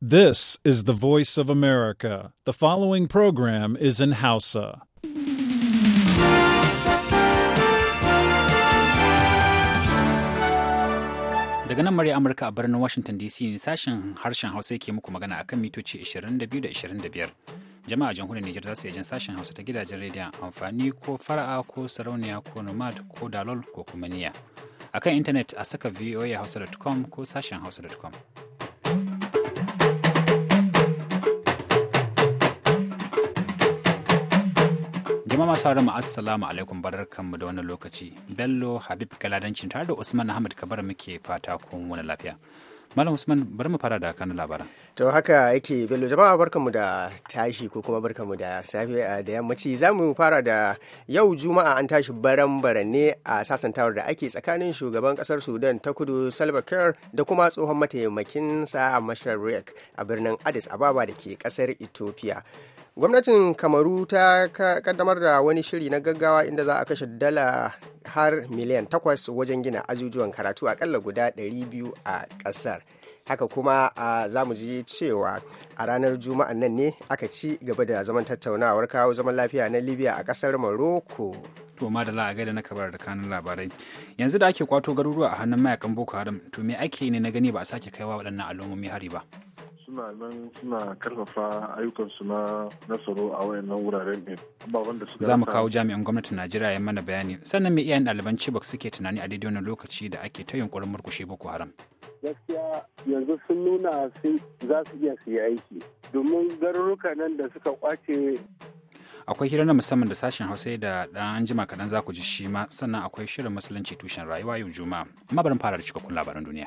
This is the voice of America. The following program is in Hausa. Daga nan murya Amurka a birnin Washington DC ne sashen harshen Hausa yake muku magana akan mitoci 22 da 25. Jama'a jamhuriyar Nijar za su iya jin sashen Hausa ta gidajen rediyon amfani ko fara'a ko sarauniya ko nomad ko dalol ko kuma niya. Akan intanet a saka voahausa.com ko sashen hausa.com. jama'a masu mu assalamu alaikum barkanmu da wannan lokaci bello habib galadancin tare da usman ahmad kabar muke fata kun wani lafiya Malam Usman bari mu fara da kan labaran. To haka yake Bello jama'a barkanmu da tashi ko kuma barkanmu da safe eh, da yammaci za mu fara da yau Juma'a an tashi baran ne a sasantawar da ake tsakanin shugaban kasar Sudan ta kudu Salva Kiir da kuma tsohon mataimakin sa a Mashar a birnin Addis Ababa da ke kasar Ethiopia. gwamnatin kamaru ta kaddamar da wani shiri na gaggawa inda za a kashe dala har miliyan takwas wajen gina ajujuwan karatu akalla guda 200 a ƙasar haka kuma za mu ji cewa a ranar juma'an nan ne aka ci gaba da zaman tattaunawar kawo zaman lafiya na libya a kasar morocco to ma da a gaida na kabar da kanun labarai yanzu da ake kwato garuruwa a hannun mayakan boko haram to me ake ne na gani ba a sake kaiwa waɗannan al'ummomi hari ba suna nan suna karfafa su na tsaro a wayannan wuraren ne ba wanda suka za mu kawo jami'an gwamnatin najeriya ya mana bayani sannan me iyayen ɗaliban cibok suke tunani a daidai wannan lokaci da ake ta yunkurin murkushe boko haram gaskiya yanzu sun nuna za su iya su yi aiki domin garuruka nan da suka kwace akwai hira na musamman da sashen hausa da dan jima kaɗan za ku ji shi ma sannan akwai shirin musulunci tushen rayuwa yau juma'a amma barin fara da cikakkun labaran duniya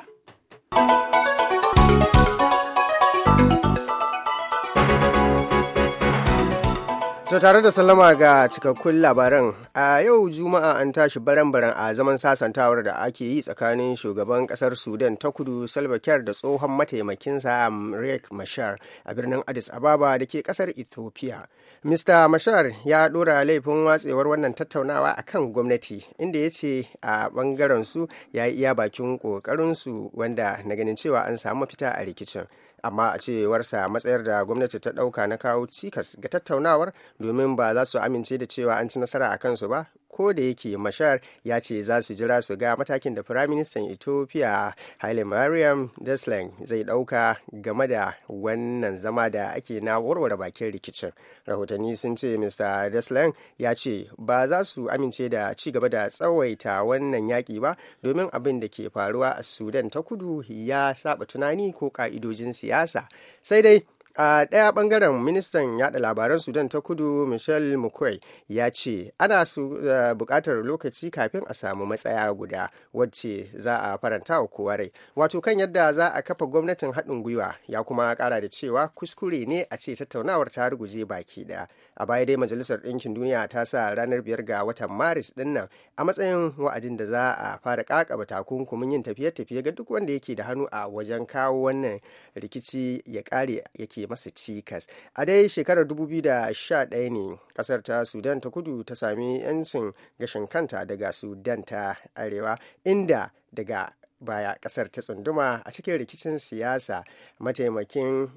To tare da sallama ga cikakkun labaran a yau juma'a an tashi baran-baran a zaman sasantawar da ake yi tsakanin shugaban kasar sudan ta kudu salva da tsohon mataimakinsa riek mashar a birnin addis ababa da ke kasar ethiopia mr mashar ya dora laifin watsewar wannan tattaunawa a kan gwamnati inda ya ce a bangaren su ya yi iya bakin kokarin su wanda na ganin cewa an samu fita a rikicin amma a cewarsa matsayar da gwamnati ta ɗauka na kawo cikas ga tattaunawar domin ba za su amince da cewa an ci nasara a kansu ba ko da yake mashar ya ce za su jira su ga matakin da firaministan ethiopia haile mariam desleng zai ɗauka game da wannan zama da ake na warware bakin rikicin rahotanni sun ce mr desleng ya ce ba za su amince da ci gaba da tsawaita wannan yaki ba domin abin da ke faruwa a sudan ta kudu ya saba tunani ko ka'idojin siyasa sai dai a ɗaya ɓangaren ministan yada labaran sudan ta kudu michel mccoy ya ce ana su eh, buƙatar lokaci kafin a samu matsaya guda wacce za a faranta wa kowa rai wato kan yadda za a kafa gwamnatin haɗin gwiwa ya kuma ƙara da cewa kuskure ne a ce tattaunawar ta ruguje baki ɗaya a baya dai majalisar ɗinkin duniya ta sa ranar biyar ga watan maris ɗin nan a matsayin wa'adin da za a fara ƙaƙaba takunkumin yin tafiye-tafiye ga duk wanda yake da hannu a wajen kawo wannan rikici ya ƙare yake ake masa cikas a dai shekarar 2011 ne kasar ta sudan ta kudu ta sami 'yancin gashin kanta daga sudan ta arewa inda daga baya kasar ta tsunduma a cikin rikicin siyasa mataimakin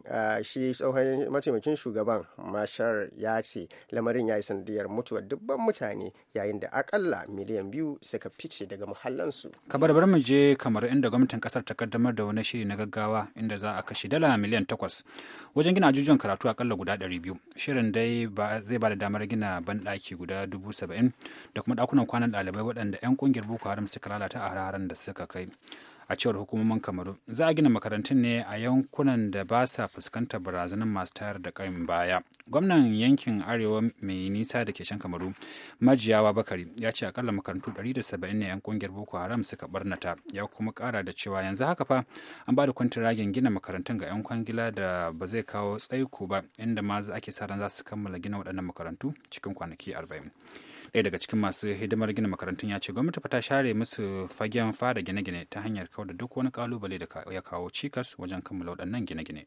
shi tsohon mataimakin shugaban mashar ya ce lamarin ya yi sanadiyar mutuwar dubban mutane yayin da akalla miliyan biyu suka fice daga muhallansu kabar bar mu je kamar inda gwamnatin kasar ta kaddamar da wani shiri na gaggawa inda za a kashe dala miliyan takwas wajen gina ajujuwan karatu akalla guda ɗari biyu shirin dai zai ba da damar gina banɗaki guda dubu saba'in da kuma ɗakunan kwanan ɗalibai waɗanda 'yan ƙungiyar boko haram suka lalata a hararen da suka kai a cewar hukumomin kamaru za a gina makarantun ne a yankunan da ba sa fuskantar barazanar masu tayar da ƙarin baya gwamnan yankin arewa mai nisa da ke shan kamaru majiyawa bakari ya ce akalla makarantu 170 ne yan kungiyar boko haram suka barnata ya kuma kara da cewa yanzu haka fa an ba da kwantiragin gina makarantun ga yan kwangila da ba zai kawo tsaiko ba inda ma ake sa ran za su kammala gina waɗannan makarantu cikin kwanaki 40 ɗaya daga cikin masu hidimar gina makarantun ya ce gwamnati fa ta share musu fagen fara gine-gine ta hanyar kawar da duk wani ƙalubale da ya kawo cikas wajen kammala waɗannan gine-gine.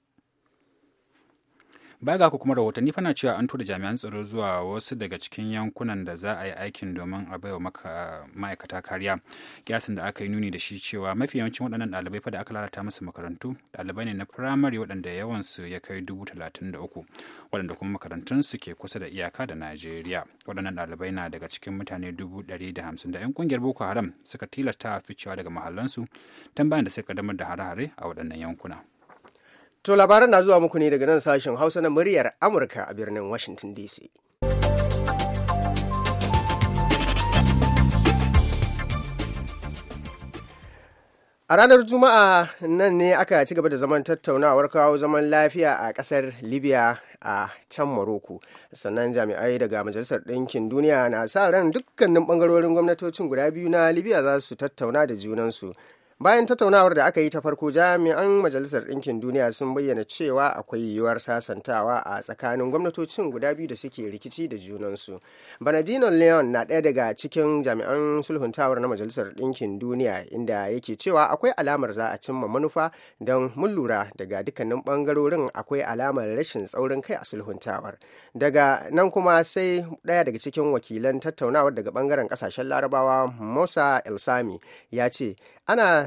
baya ga kuma rahotanni fana cewa an tura jami'an tsaro zuwa wasu daga cikin yankunan da za a yi aikin domin a bai wa ma'aikata kariya kiyasin da aka yi nuni da shi cewa mafi yawancin waɗannan ɗalibai fa da aka lalata musu makarantu ɗalibai ne na firamare waɗanda yawansu ya kai dubu talatin da uku waɗanda kuma makarantun su ke kusa da iyaka da najeriya waɗannan ɗalibai na daga cikin mutane dubu ɗari da hamsin da 'yan ƙungiyar boko haram suka tilasta ficewa daga mahallansu tambayan da suka damar da hare-hare a waɗannan yankuna. To labaran na zuwa muku ne daga nan sashen Hausa na muryar Amurka a birnin Washington DC. A ranar Juma'a nan ne aka ci gaba da zaman tattaunawar kawo zaman lafiya a ƙasar Libya a can Morocco. Sannan jami'ai daga Majalisar Ɗinkin Duniya na sa ran dukkanin ɓangarorin gwamnatocin guda biyu na Libya za su tattauna da junansu bayan tattaunawar da aka yi ta farko jami'an majalisar ɗinkin duniya sun bayyana cewa akwai yiwuwar sasantawa a tsakanin gwamnatocin guda biyu da suke rikici da junansu banadino leon na ɗaya daga cikin jami'an sulhuntawar na majalisar ɗinkin duniya inda yake cewa akwai alamar za a cimma manufa don mun lura daga dukkanin ɓangarorin akwai alamar rashin tsaurin kai a sulhuntawar daga nan kuma sai ɗaya daga cikin wakilan tattaunawar daga ɓangaren ƙasashen larabawa musa elsami ya ce ana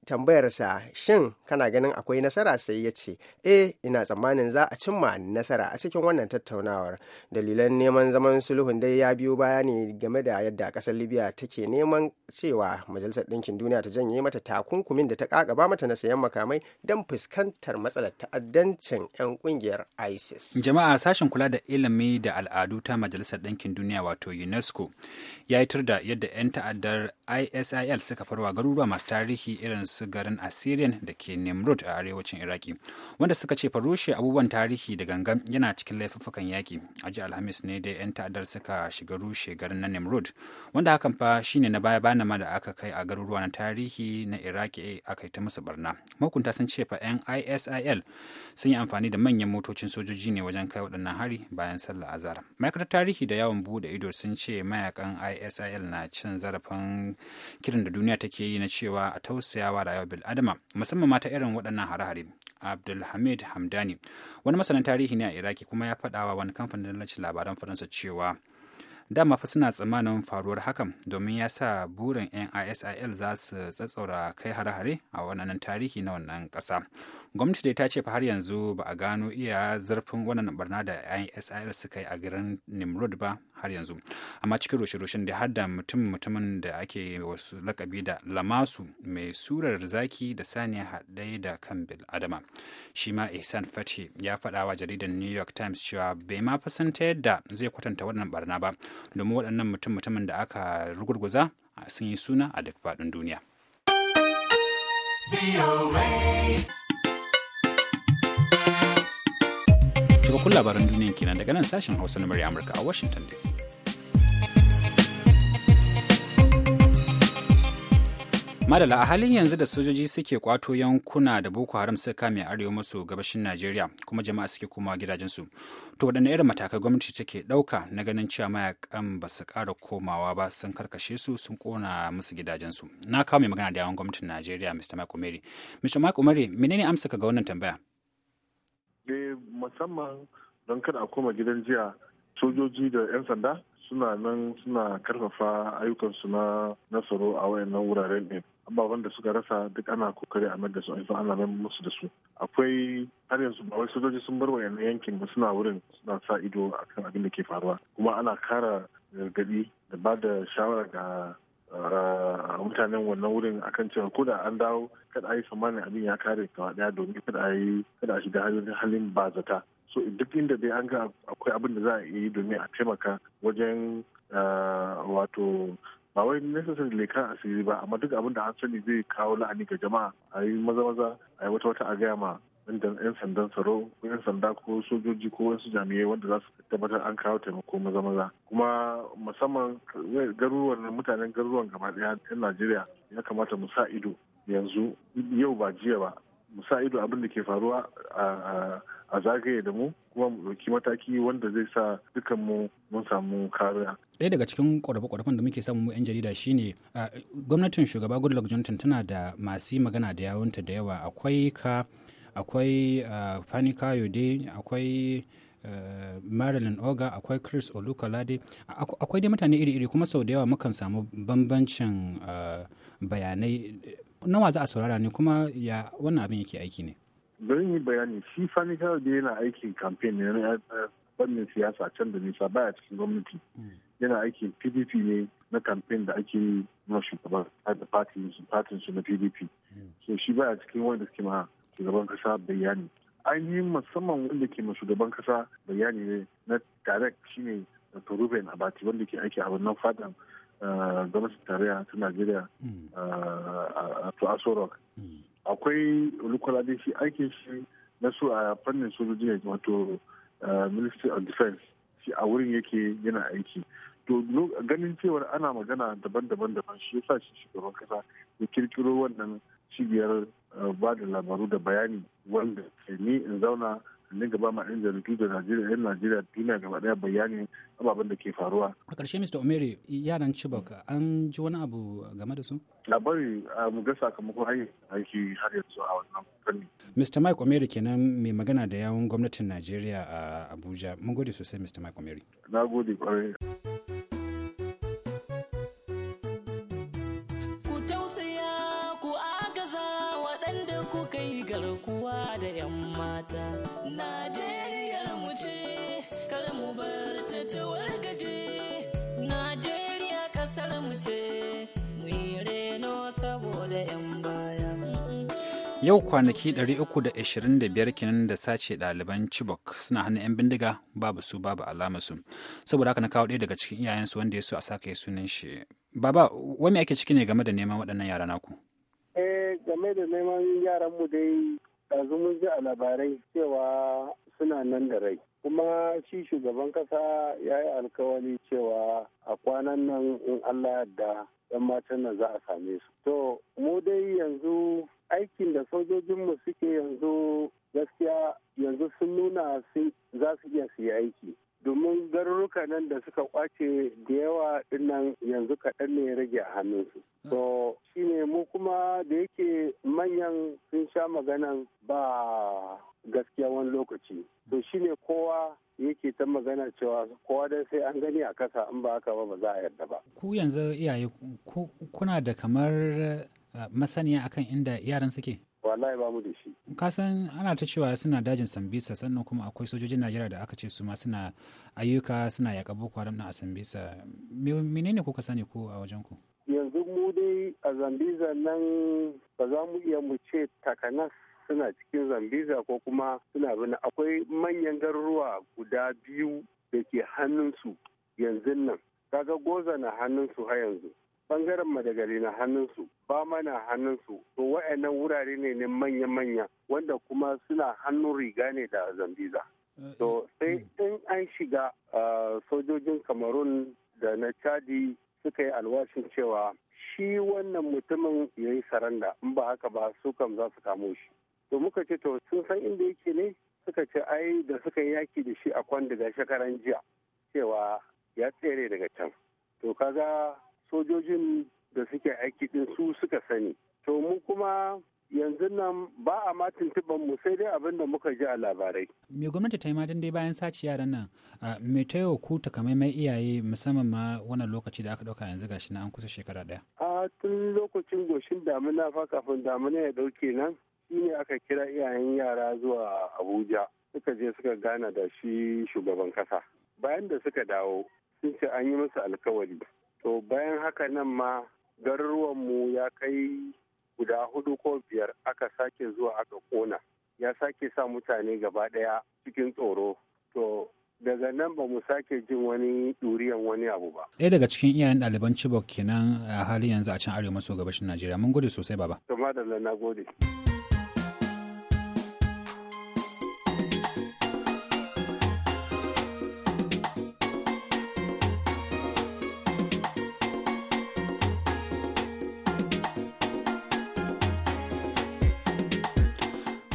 tambayarsa shin kana ganin akwai nasara sai ya ce eh ina tsammanin za a cimma nasara a cikin wannan tattaunawar dalilan neman zaman sulhun dai ya biyo baya ne game da yadda kasar libya take neman cewa majalisar ɗinkin duniya ta janye mata takunkumin da ta kakaba mata na sayan makamai don fuskantar matsalar ta'addancin 'yan kungiyar isis jama'a sashen kula da ilimi da al'adu ta majalisar ɗinkin duniya wato unesco ya yi tur da yadda 'yan ta'addar isil suka farwa garuruwa masu tarihi irin su garin Assyrian da ke Nimrud a arewacin Iraki, wanda suka ce farushe abubuwan tarihi da gangan yana cikin laifuffukan yaƙi. A ji Alhamis ne da 'yan ta'addar suka shiga rushe garin na Nimrud, wanda hakan fa shine na baya bana ma da aka kai a garuruwa na tarihi na Iraki a yi ta musu barna. Mahukunta sun ce fa 'yan ISIL sun yi amfani da manyan motocin sojoji ne wajen kai waɗannan hari bayan sallah azhar. Ma'aikatar tarihi da yawon bude ido sun ce mayakan ISIL na cin zarafin kirin da duniya take yi na cewa a tausayawa wa rayuwar bil'adama musamman mata irin waɗannan hare-hare abdulhamid hamdani wani masanin tarihi ne a iraki kuma ya faɗa wa wani kamfanin lalace labaran faransa cewa dama fa suna tsammanin faruwar hakan domin ya sa burin 'yan isil za su tsatsaura kai hare-hare a wannan tarihi na wannan ƙasa gwamnati dai ta ce fa har yanzu ba a gano iya zurfin wannan barna da 'yan isil suka yi a garin nimrod ba har yanzu amma cikin rushe-rushen da har da mutum-mutumin da ake wasu lakabi da lamasu mai surar zaki da saniya hadai da kan bil adama shi ma ihsan fati ya faɗa wa jaridar new york times cewa bai ma fasanta yadda zai kwatanta wannan barna ba domin waɗannan mutum-mutumin da aka rugurguza sun yi suna a duk faɗin duniya. Cikakkun labaran duniya kenan daga nan sashen Hausa na murya Amurka a Washington DC. madala a halin yanzu da sojoji suke kwato yankuna da boko haram suka kame arewa maso gabashin najeriya kuma jama'a suke komawa gidajensu to waɗanne irin matakai gwamnati take ɗauka na ganin cewa mayakan ba su ƙara komawa ba sun karkashe su sun kona musu gidajensu na kawo mai magana da yawan gwamnatin najeriya mr mike umeri mr mike umeri menene amsa ka ga wannan tambaya eh, musamman don kada a koma gidan jiya sojoji da 'yan sanda suna nan suna karfafa ayyukansu na tsaro a wayannan wuraren ɗin ababen da suka rasa duk ana kokari a mayar da su aifa ana mai musu da su akwai har yanzu ba wai sojoji sun bar wayannan yankin ba suna wurin suna sa ido akan abin da ke faruwa kuma ana kara gargadi da ba da shawara ga ah, mutanen wannan wurin akan cewa ko da an dawo kada a yi tsammanin abin ya kare gaba daya domin kada a yi kada a shiga halin ba zata so duk inda dai an ga akwai abin da za a yi domin a taimaka wajen ah, wato ba wai necessary kan asiri ba amma duk abin da an sani zai kawo la'ani ga jama'a a yi maza maza a yi wata wata a gaya ma yan sandan tsaro ko yan sanda ko sojoji ko wasu jami'ai wanda za su tabbatar an kawo taimako maza maza kuma musamman garuruwan mutanen garuruwan gaba daya yan najeriya ya kamata mu sa ido yanzu yau ba jiya ba mu sa ido abin da ke faruwa a zagaye da mu kuma mu ɗauki mataki wanda zai sa dukan mu mun samu kariya. Ɗaya daga cikin ƙorafe-ƙorafen da muke samu 'yan jarida shine gwamnatin shugaba Goodluck Jonathan tana da masu magana da yawunta da yawa akwai ka akwai Fani Kayode akwai Marilyn Oga akwai Chris Olukolade akwai dai mutane iri-iri kuma sau da yawa mukan samu bambancin bayanai nawa za a saurara ne kuma ya wannan abin yake aiki ne bari yi bayani shi sani kawai da yana aikin campaign ne na fannin siyasa can da nisa baya cikin gwamnati yana aikin pdp ne na campaign da ake yi na shugaban da fatin su na pdp so shi baya cikin wanda suke ma shugaban kasa bayani yi musamman wanda ke ma shugaban kasa bayani ne na direct shine dr. ruben abati wanda ke aiki a wannan fadan gwamnatin tarayya ta najeriya to aso rock akwai olukwalade shi aikin shi na su a fannin sojoji ne wato ministry of defense shi a wurin yake yana aiki to ganin cewar ana magana daban-daban daban shi yasa shi shugaban kasa ya kirkiro wannan cibiyar ba da labaru da bayani wanda ni in zauna na gaba ma ɗan jaridu da Najeriya yan Najeriya duniya gaba ɗaya bayani ababen da ke faruwa. A ƙarshe Mr. Omeri yaran Chibok an ji wani abu game da su? Labari a mu ga sakamakon hanyar aiki har yanzu a wannan fanni. Mr. Mike Omeri kenan mai magana da yawun gwamnatin Najeriya a Abuja. Mun gode sosai Mr. Mike Omeri. Na gode kwarai. garkuwa da yamma. yau kwanaki 325 kenan da sace ɗaliban chibok suna hannun 'yan bindiga babu su babu alamarsu saboda haka na kawo ɗaya daga cikin iyayensu wanda ya so a saka sunan shi baba wani ake ciki ne game da neman waɗannan yara naku eh game da neman yaran mu dai ɗazu mun ji a labarai cewa suna nan da rai kuma shi shugaban kasa ya yi alkawari cewa a kwanan nan in allah yadda 'yan matan nan za a same su to mu dai yanzu aikin da sojojinmu suke yanzu gaskiya yanzu sun nuna za su iya su yi aiki domin garuruka nan da suka kwace da yawa dinnan yanzu kaɗan ne ya rage a hannunsu. So shine mu kuma da yake manyan sun sha maganan ba gaskiya wani lokaci. To shine kowa yake ta magana cewa kowa dai sai an gani a kasa in ba haka ba ba za a yarda ba. Ku yanzu iyaye kuna da kamar masaniya akan inda yaran suke? Wallahi ba mu da shi. ka san ana ta cewa suna dajin Sambisa sannan kuma akwai sojojin Najeriya da aka ce su ma suna ayyuka suna yaƙa Boko Haram na a Sambisa. Menene kuka sani ko a wajen ku? Yanzu mu dai a Zambiza nan ba za mu iya mu ce takanas suna cikin Zambiza ko kuma suna bin akwai manyan garuruwa guda biyu da ke hannunsu yanzu nan. Kaga goza na hannunsu har yanzu. bangaren madagari na hannunsu ba mana hannunsu to wa'annan wurare ne na manya-manya wanda kuma suna hannun riga ne da zambiza to eh, eh, sai hmm. in an shiga sojojin kamarun da na chadi suka yi alwashin cewa shi wannan mutumin ya yi saranda in ba haka ba su kam za su kamo shi to muka ce to sun san inda yake ne suka ce ai da suka yaki da shi a kwan daga shekaran jiya cewa ya tsere daga can to kaga sojojin da suke aiki din su suka sani to mu kuma yanzu nan ba a ma tuntuban mu sai dai abin da muka ji a labarai. Me gwamnati ta yi ma dai bayan saci yaran nan me ta yau ku takamaiman iyaye musamman ma wannan lokaci da aka dauka yanzu gashi na an kusa shekara daya. A tun lokacin goshin damina fa kafin damina ya dauke nan ne aka kira iyayen yara zuwa Abuja suka je suka gana da shi shugaban kasa. Bayan da suka dawo sun ce an yi musu alkawari to bayan haka nan ma garuruwanmu ya kai guda hudu ko biyar aka sake zuwa aka kona ya sake sa mutane gaba daya cikin tsoro to daga nan ba mu sake jin wani ɗuriyan wani abu ba. Ɗaya daga cikin iyayen ɗaliban Chibok kenan a halin yanzu a can arewa maso gabashin Najeriya. Mun gode sosai baba. Tuma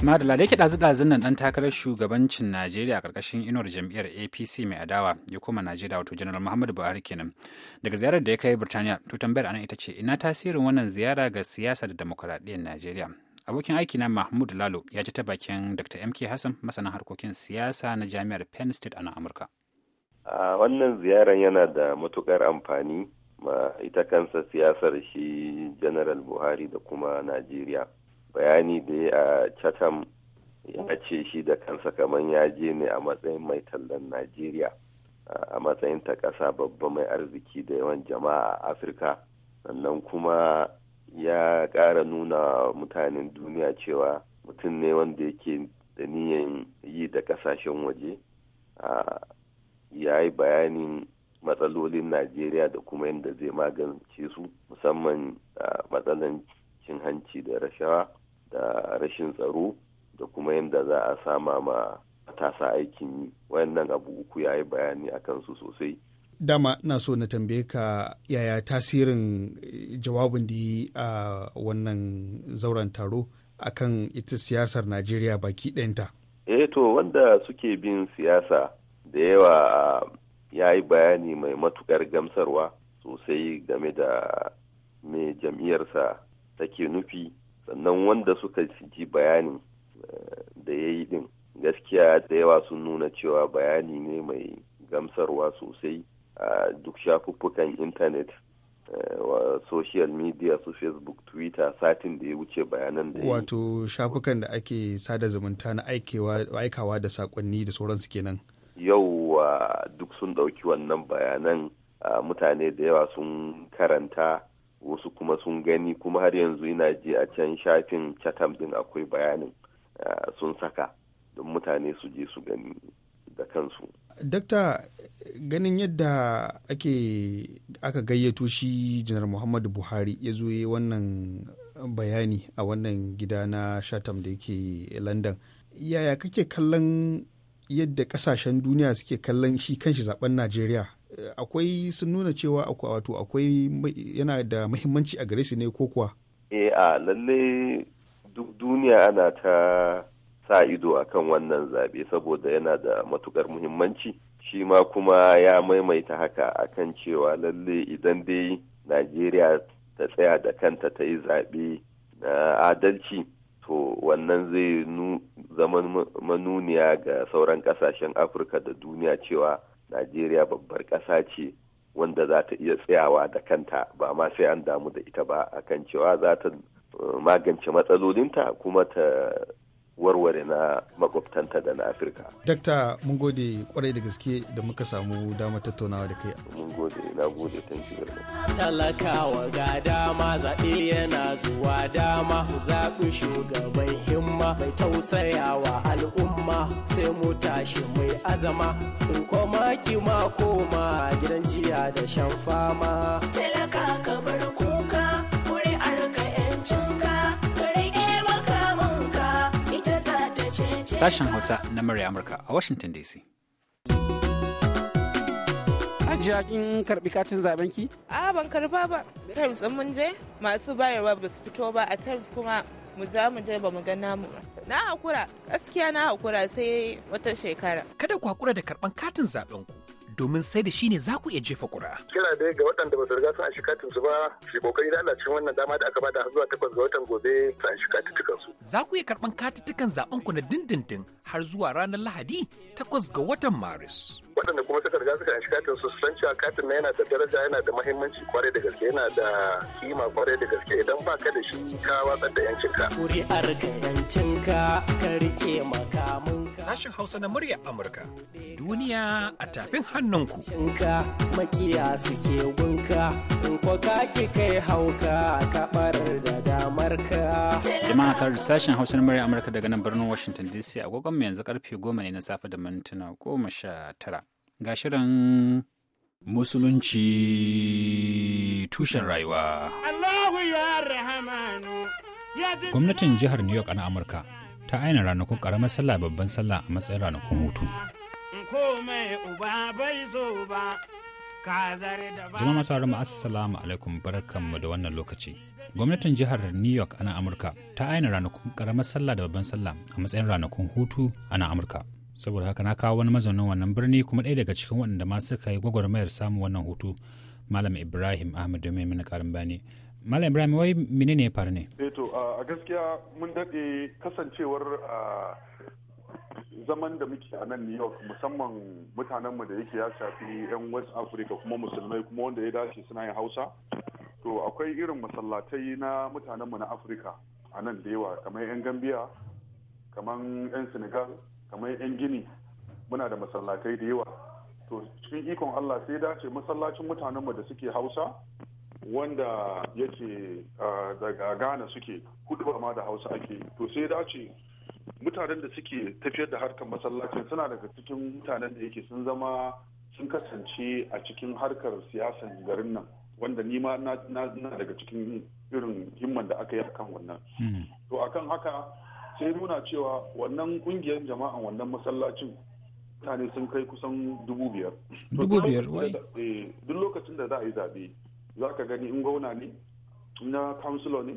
madala da yake ɗazu nan ɗan takarar shugabancin najeriya a ƙarƙashin inuwar jam'iyyar apc mai adawa ya koma najeriya wato general muhammadu buhari kenan daga ziyarar da ya kai birtaniya to tambayar anan ita ce ina tasirin wannan ziyara ga siyasa da demokuraɗiyyar najeriya abokin aiki na mahmud lalo ya ji ta bakin dr mk hassan masanin harkokin siyasa na jami'ar penn state a nan amurka wannan ziyaran yana da matukar amfani ma ita kansa siyasar shi general buhari da kuma najeriya bayani da ya a chatham ya ce shi da kansa kamar ya je ne a matsayin mai tallan najeriya a matsayin ta ƙasa babba mai arziki da yawan jama'a a afirka sannan kuma ya ƙara nuna mutanen duniya cewa mutum ne wanda yake da niyan yi da ƙasashen waje ya yi bayanin matsalolin najeriya da kuma yadda zai magance su musamman matsalan cin hanci da rashawa da rashin tsaro da kuma yadda za a sama ma matasa aikin yi wayannan abu uku ya yi bayani a kansu sosai dama na so na tambaye ka yaya tasirin eh, jawabin da yi a wannan zauren taro kan ita siyasar najeriya baki ɗayanta eh to wanda suke bin siyasa da yawa eh, ya yi bayani mai matukar gamsarwa sosai game da me jam'iyyarsa take nufi sannan wanda suka ji bayani eh, da ya yi din gaskiya da yawa sun nuna cewa bayani ne mai gamsarwa sosai a duk shafuffukan intanet eh, wa social media su facebook twitter satin da ya wuce bayanan da wato shafukan da ake sada zumunta na aikawa da sakonni da sauransu kenan yau duk sun ɗauki wannan bayanan mutane da yawa sun karanta wasu kuma sun gani kuma har yanzu ina je a can shafin chatham din akwai bayanin eh, sun saka don mutane su je su gani da kansu. Dakta ganin yadda ake aka gayyato shi janar Muhammadu Buhari ya zo yi wannan bayani a wannan gida na shatam da yake London. Yaya kake kallon yadda kasashen duniya suke kallon shi kanshi zaben Najeriya akwai sun nuna cewa wato akwai yana da mahimmanci a gare su ne ko kuwa eh a lalle duk duniya ana ta sa ido akan wannan zaɓe saboda yana da matukar muhimmanci shi ma kuma ya maimaita haka akan cewa lalle idan dai najeriya ta tsaya da kanta ta yi zaɓe na adalci to wannan zai zama manuniya ga sauran kasashen afirka da duniya cewa najeriya babbar ƙasa ce wanda za ta iya tsayawa da kanta ba ma sai an damu da ita ba a kan cewa za ta uh, magance matsalolinta kuma ta warware na makwabtanta da na afirka dakta mun gode kwarai da gaske da muka samu damar tattaunawa da kai mun gode na gode tun talakawa ga dama zaɓe yana zuwa dama ku shugaban himma mai tausayawa al'umma sai mu tashi mai zama in koma ki ma koma gidan jiya da shan fama talaka ka bar kuka kuri'ar ka yancinka rike e makamanka ita za ta cece sashen hausa na murya amurka a washington dc Ajiya kin karbi katin zaben ki? A ban karba ba. Terms mun je masu bayarwa ba su fito ba a Times kuma mu za mu je ba mu ga namu na hakura gaskiya na hakura sai wata shekara kada ku hakura da karban katin zaben ku domin sai da shi ne za ku iya jefa kura. Kira dai ga waɗanda ba su riga sun shi katin ba shi kokari da Allah wannan dama da aka bada zuwa takwas ga watan gobe su an shi su. Za ku iya karɓan katitukan zaɓen ku na dindindin har zuwa ranar Lahadi takwas ga watan Maris. Waɗanda kuma suka riga suka shi katin su san cewa katin na yana da daraja yana da muhimmanci kwarai da gaske yana da kima kwarai da gaske idan ba ka da shi ka watsar da yancinka. Kuri'ar ka yancinka ka rike makama. sashen Hausa na muryar Amurka. Duniya a tafin hannunku. Cinka makiya suke gunka, in kwaka ki kai hauka a kabar da ka. Jama'a kar sashen Hausa na muryar Amurka daga nan birnin Washington DC gogon mu yanzu karfe goma ne na safe da mintuna goma sha tara. Ga shirin Musulunci tushen rayuwa. Gwamnatin jihar New York na Amurka ta aina ranakun ƙaramar sallah babban sallah a matsayin ranakun hutu. Jama'a masu haramu assalamu alaikum barkanmu da wannan lokaci. Gwamnatin jihar New York ana Amurka ta aina ranakun ƙaramar sallah da babban sallah a matsayin ranakun hutu ana Amurka. Saboda haka na kawo wani mazaunin wannan birni kuma ɗaya daga cikin waɗanda ma suka yi gwagwarmayar samun wannan hutu Malam Ibrahim ahmed domin mana karin bayani. Malam Ibrahim wai ne ya eh ne? Eto a gaskiya mun daɗe kasancewar zaman da muke a nan New York musamman mutanenmu da yake ya shafi 'yan West Africa kuma musulmai kuma wanda ya dace suna yin Hausa. To akwai irin masallatai na mutanenmu na Africa a nan da yawa kamar 'yan Gambia, kamar 'yan Senegal, kamar 'yan Gini muna da masallatai da yawa. To cikin ikon Allah sai dace masallacin mutanenmu da suke Hausa wanda yake daga ghana suke hudu ma da hausa ake to sai dace mutanen da suke tafiyar da harkar masallacin suna daga cikin mutanen da yake sun zama sun kasance a cikin harkar siyasan garin nan wanda ni ma na daga cikin irin himman da aka yi akan wannan hmm. to akan haka sai nuna cewa wannan kungiyar jama'an wannan masallacin mutane sun kai kusan dubu biyar dubu biyar duk lokacin da za a yi zaɓe za ka gani in gauna ne na councilor ne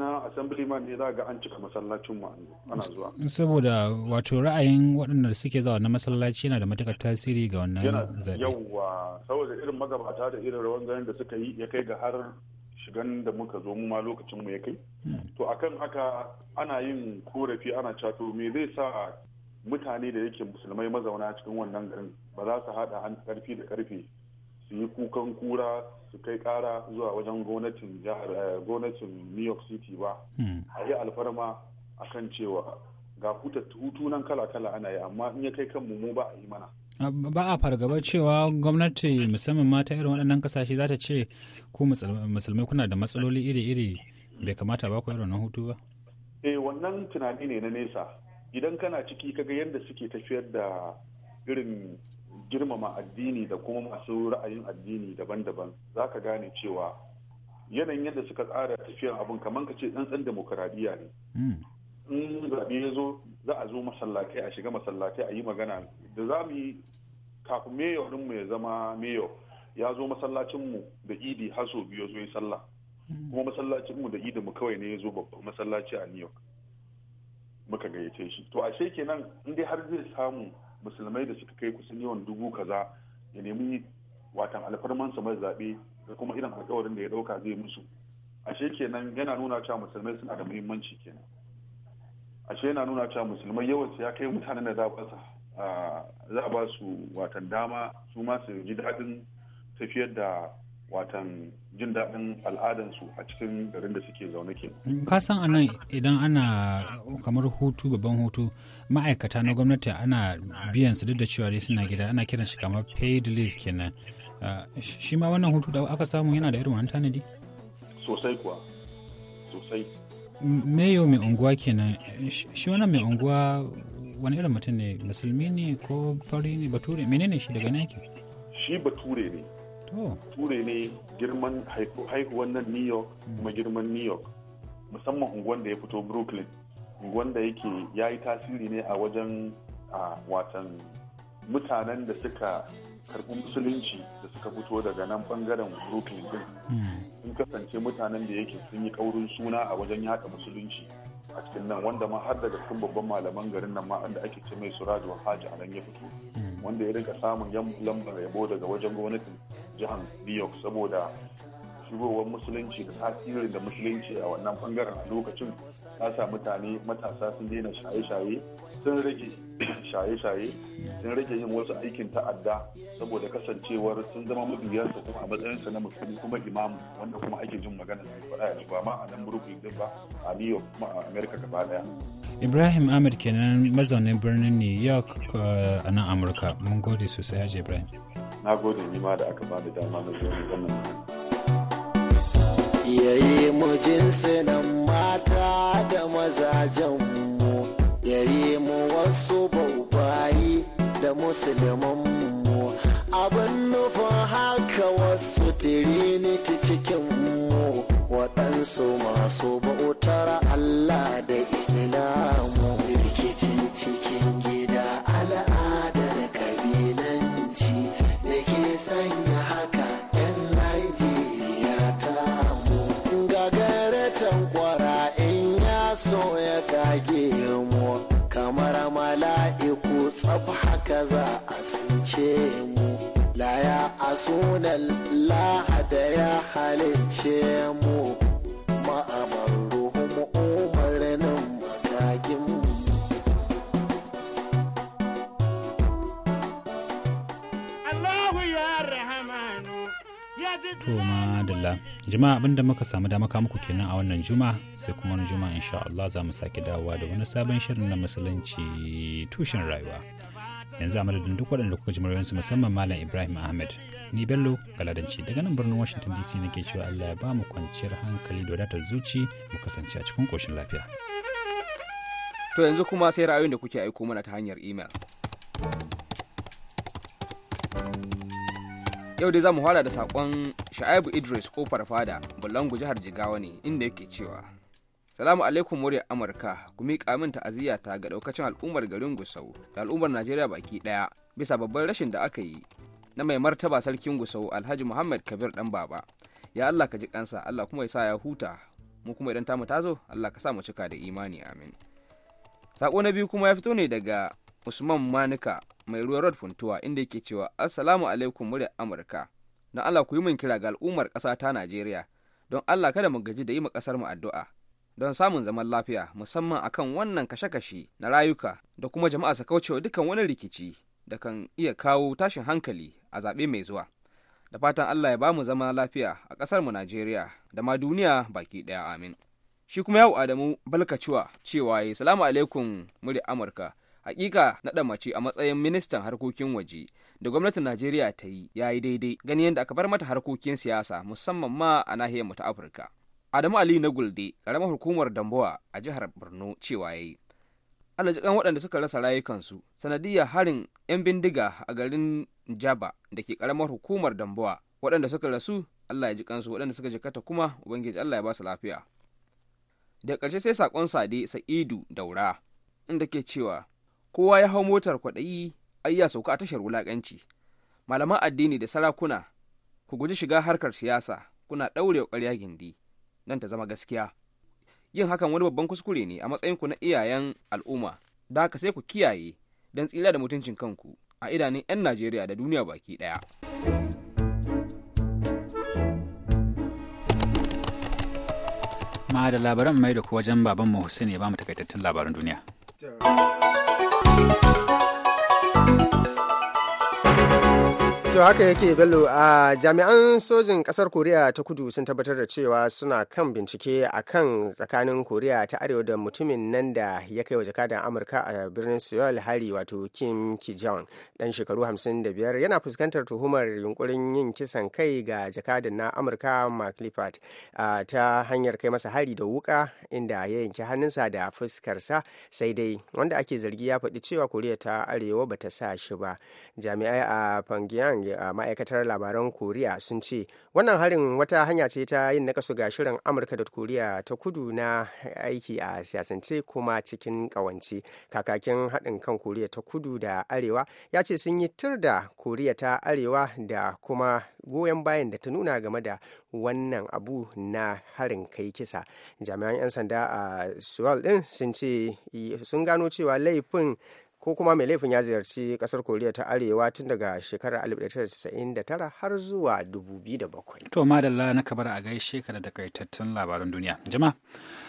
na assembly man ne za ga an cika masallacin mu ana zuwa saboda wato ra'ayin waɗanda suke zawa na masallaci yana da matuƙar tasiri ga wannan zaɓe yawa saboda irin magabata da irin rawan ganin da suka yi ya kai ga har shigan da muka zo mu ma lokacin mu ya kai hmm. to akan haka ana yin korafi ana cato me zai sa mutane da yake musulmai mazauna cikin wannan garin ba za su haɗa karfi da karfe su yi kukan kura su kai kara zuwa wajen gwamnatin eh, new york city ba hmm. a yi alfarma a kan cewa ga hutu nan kala-kala ana yi amma in ya kai kan mu ba a yi mana ba a fargaba cewa gwamnati musamman mata irin waɗannan kasashe za ta ce ku musulmai kuna da matsaloli iri-iri bai kamata ba ku irin hutu ba eh wannan tunani ne na nesa idan kana ciki kaga yadda suke tafiyar da irin girmama addini da kuma masu ra'ayin addini daban-daban za ka gane cewa yanayin yadda suka tsara tafiyan abin kamar ka ce tsantsan demokaradiyya ne hmm. in zaɓe ya zo za a zo masallatai a shiga masallatai a yi magana da za mu yi kafin meyo mu ya zama mayo ya zo masallacinmu da idi har sau biyu zo yi sallah hmm. kuma masallacinmu da idi mu kawai ne ya zo babban masallaci a new york muka gayyace shi to ashe kenan in dai har zai samu musulmai da suka kai kusan yawan dubu kaza ya nemi watan alfarman su mai zaɓe da kuma irin alkawarin da ya ɗauka zai musu ashe kenan yana nuna cewa musulmai suna da muhimmanci kenan ashe yana nuna cewa musulmai yawan ya kai mutanen da za a ba su watan dama su ma su ji daɗin tafiyar da watan jin daɗin al'adansu a cikin garin da suke zaune ke. Ka san anan idan ana kamar hutu babban hutu ma'aikata na gwamnati ana biyan su duk da cewa dai suna gida ana kiran shi kamar paid leave kenan. Ah, shi ma wannan hutu da aka samu yana da irin wani tanadi? Sosai kuwa, sosai. Meyo mai unguwa kenan, shi wannan mai unguwa wani irin mutum ne musulmi ne ko fari ne bature menene shi daga nake? Shi bature ne. ture ne girman haihuwan nan new york kuma girman new york musamman unguwan da ya fito brooklyn unguwan da yake ya yi tasiri ne a wajen a watan mutanen da suka karbi musulunci da suka fito daga nan bangaren brooklyn din sun kasance mutanen da yake sun yi kaurin suna a wajen yada musulunci a cikin nan wanda ma har daga cikin babban malaman garin nan ma wanda ake ce mai wa haji a nan ya fito wanda ya riga samun yan lambar yabo daga wajen gwamnatin jihar new york saboda shigowar musulunci da tasirin da musulunci a wannan bangaren a lokacin ta sa mutane matasa sun daina shaye-shaye sun rage shaye-shaye sun rage yin wasu aikin ta'adda saboda kasancewar sun zama mabiyarsa kuma a matsayinsa na musulmi kuma imamu wanda kuma ake jin magana da faɗa ya ba ma a nan burkuyi din ba a new york kuma a america gaba daya ibrahim ahmed kenan mazaunin birnin new york uh, a nan amurka mun gode sosai haji ibrahim na gode ni ma da aka ba da dama na zuwa da wannan yayi mu jinsinan mata da mazajen mu yayi mu wasu babayi da musulman mu abin nufin haka wasu tiriniti cikin mu waɗansu masu bautar Allah da Islamu rikicin cikin gida al'ada sanya haka yan Najeriya ta mu. Gagaratan kwara in ya so ya kage mu kamar mala'iku tsaf haka za a tsince mu. Laya a sunan lahada ya halicce mu ma'amarru. to madalla jima'a abinda muka samu dama ka muku kenan a wannan juma'a sai kuma wani juma'a insha Allah za mu sake dawowa da wani sabon shirin na musulunci tushen rayuwa yanzu a madadin duk waɗanda kuka ji murayensu musamman malam Ibrahim Ahmed ni Bello Galadanci daga nan birnin Washington DC nake cewa Allah ya ba mu kwanciyar hankali da wadatar zuci mu kasance a cikin koshin lafiya to yanzu kuma sai ra'ayoyin da kuke aiko mana ta hanyar email yau dai za mu fara da sakon sha'ibu idris kofar fada bulangu jihar jigawa ne inda yake cewa salamu alaikum murya amurka ku miƙa min ta ga ɗaukacin al'ummar garin gusau da al'ummar najeriya baki ɗaya bisa babban rashin da aka yi na mai martaba sarkin gusau alhaji muhammad kabir dan baba ya allah ka ji kansa allah kuma ya sa ya huta mu kuma idan tamu ta zo allah ka sa mu cika da imani amin sako na biyu kuma ya fito ne daga usman manika mai ruwan rod funtuwa inda yake cewa assalamu alaikum murya amurka don allah ku yi min kira ga al'ummar ƙasa ta najeriya don allah kada mu gaji da yi ma ƙasar mu addu'a don samun zaman lafiya musamman akan wannan kashe-kashe na rayuka da kuma jama'a su kaucewa dukkan wani rikici da kan iya kawo tashin hankali a zaɓe mai zuwa da fatan allah ya ba mu zama lafiya a ƙasar mu najeriya da ma duniya baki ɗaya amin shi kuma yawo adamu balkacuwa cewa ya salamu alaikum murya amurka hakika naɗa mace a matsayin ministan harkokin waje da gwamnatin najeriya ta yi ya yi daidai gani yadda aka bar mata harkokin siyasa musamman ma a nahiyar mu ta afirka adamu ali na gulde karamar hukumar damboa a jihar borno cewa ya yi alajikan waɗanda suka rasa rayukansu sanadiyar harin 'yan bindiga a garin jaba da ke karamar hukumar damboa waɗanda suka rasu allah ya ji kansu waɗanda suka jikata kuma ubangiji allah ya ba su lafiya da ƙarshe sai saƙon sade sa'idu daura inda ke cewa kowa ya hau motar kwaɗayi ai ya sauka a tashar wulaƙanci malaman addini da sarakuna ku guji shiga harkar siyasa kuna ɗaurewa ƙarya gindi nan ta zama gaskiya yin hakan wani babban kuskure ne a matsayinku na iyayen al'umma da haka sai ku kiyaye don tsira da mutuncin kanku a idanun 'yan najeriya da duniya baki ɗaya. ma da labaran mai da kuwa wajen baban mu Hussein ya ba mu takaitattun labaran duniya. To haka yake Bello a jami'an sojin kasar Koriya ta kudu sun tabbatar da cewa suna kan bincike a kan tsakanin Koriya ta arewa da mutumin nan da ya kai wa jakadan Amurka a birnin Seoul hari wato Kim Ki Jong dan shekaru 55 yana fuskantar tuhumar yunkurin yin kisan kai ga jakadan na Amurka Mark Lippert ta hanyar kai masa hari da wuka inda ya yanki hannunsa da fuskarsa sai dai wanda ake zargi ya faɗi cewa Koriya ta arewa bata sa shi ba jami'ai a Pyongyang Eh, a ma'aikatar labaran koriya sun ce wannan harin wata hanya ce ta yin nakasu ga shirin amurka da koriya ta kudu na aiki a siyasance kuma cikin kawance kakakin haɗin kan koriya ta kudu da arewa ya ce sun yi tur da koriya ta arewa da kuma goyon bayan da ta nuna game da wannan abu na harin kai kisa jami'an 'yan sanda a suwal din sun ce eh, sun gano cewa laifin ko kuma mai laifin ya ziyarci kasar koriya ta arewa tun daga shekarar 1999 har zuwa 2007 to madalla na kabar a gaishe ka da takaitattun labaran duniya jama'a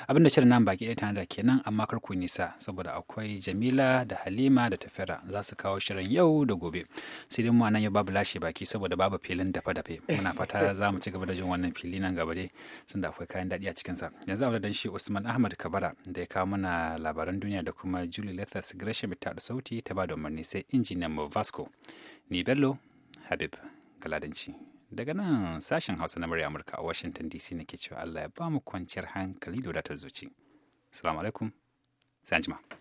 abinda shirin nan baki ɗaya tana da kenan amma kar nisa saboda akwai jamila da halima da tafira za su kawo shirin yau da gobe sai dai mu nan yau babu lashe baki saboda babu filin dafe-dafe muna fata za mu ci gaba da jin wannan fili nan gaba dai sun da akwai kayan daɗi a cikinsa yanzu a dan shi usman ahmad kabara da ya kawo mana labaran duniya da kuma julie lethas gresham ta da sauti ta ba da umarni sai injiniyan vasco ni bello habib galadanci daga nan sashen hausa na murya amurka a washington dc na ke cewa allah ya ba mu kwanciyar hankali da wadatar zuci salamu alaikum sai